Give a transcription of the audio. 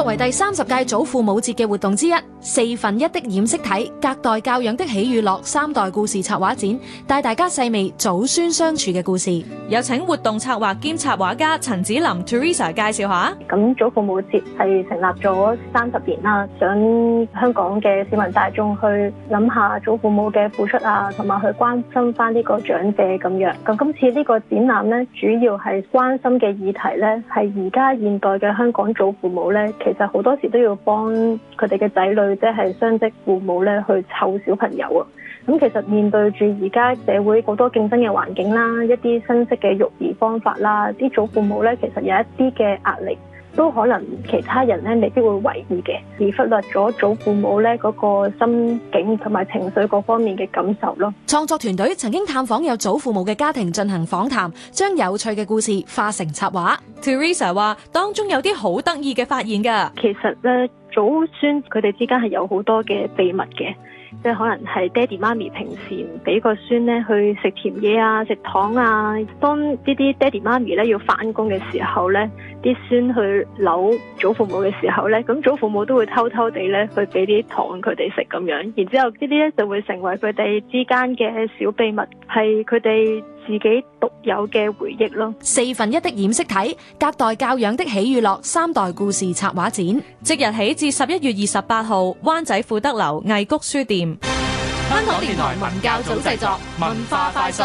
作為第三十屆祖父母節嘅活動之一，四分一的染色體、隔代教養的喜與樂、三代故事策畫展，帶大家細味祖孫相處嘅故事。有請活動策劃兼策畫家陳子琳、Teresa 介紹下。咁祖父母節係成立咗三十年啦，想香港嘅市民大眾去諗下祖父母嘅付出啊，同埋去關心返呢個長者咁樣。咁今次呢個展覽呢，主要係關心嘅議題呢，係而家現代嘅香港祖父母呢，其實就好多時都要幫佢哋嘅仔女，即係雙職父母咧，去湊小朋友啊。咁其實面對住而家社會好多競爭嘅環境啦，一啲新式嘅育兒方法啦，啲祖父母咧其實有一啲嘅壓力。都可能其他人咧未必會為意嘅，而忽略咗祖父母咧嗰、那個心境同埋情緒各方面嘅感受咯。創作團隊曾經探訪有祖父母嘅家庭進行訪談，將有趣嘅故事化成插畫。Teresa 話當中有啲好得意嘅發現噶，其實咧祖孫佢哋之間係有好多嘅秘密嘅。即係可能係爹哋媽咪平時唔俾個孫咧去食甜嘢啊，食糖啊，當呢啲爹哋媽咪咧要翻工嘅時候咧，啲孫去扭祖父母嘅時候咧，咁祖父母都會偷偷地咧去俾啲糖佢哋食咁樣，然之後呢啲咧就會成為佢哋之間嘅小秘密。係佢哋自己獨有嘅回憶咯。四分一的染色體，隔代教養的喜與樂，三代故事策畫展，即日起至十一月二十八號，灣仔富德樓藝谷書店。香港 電台文教組製作， 文化快訊。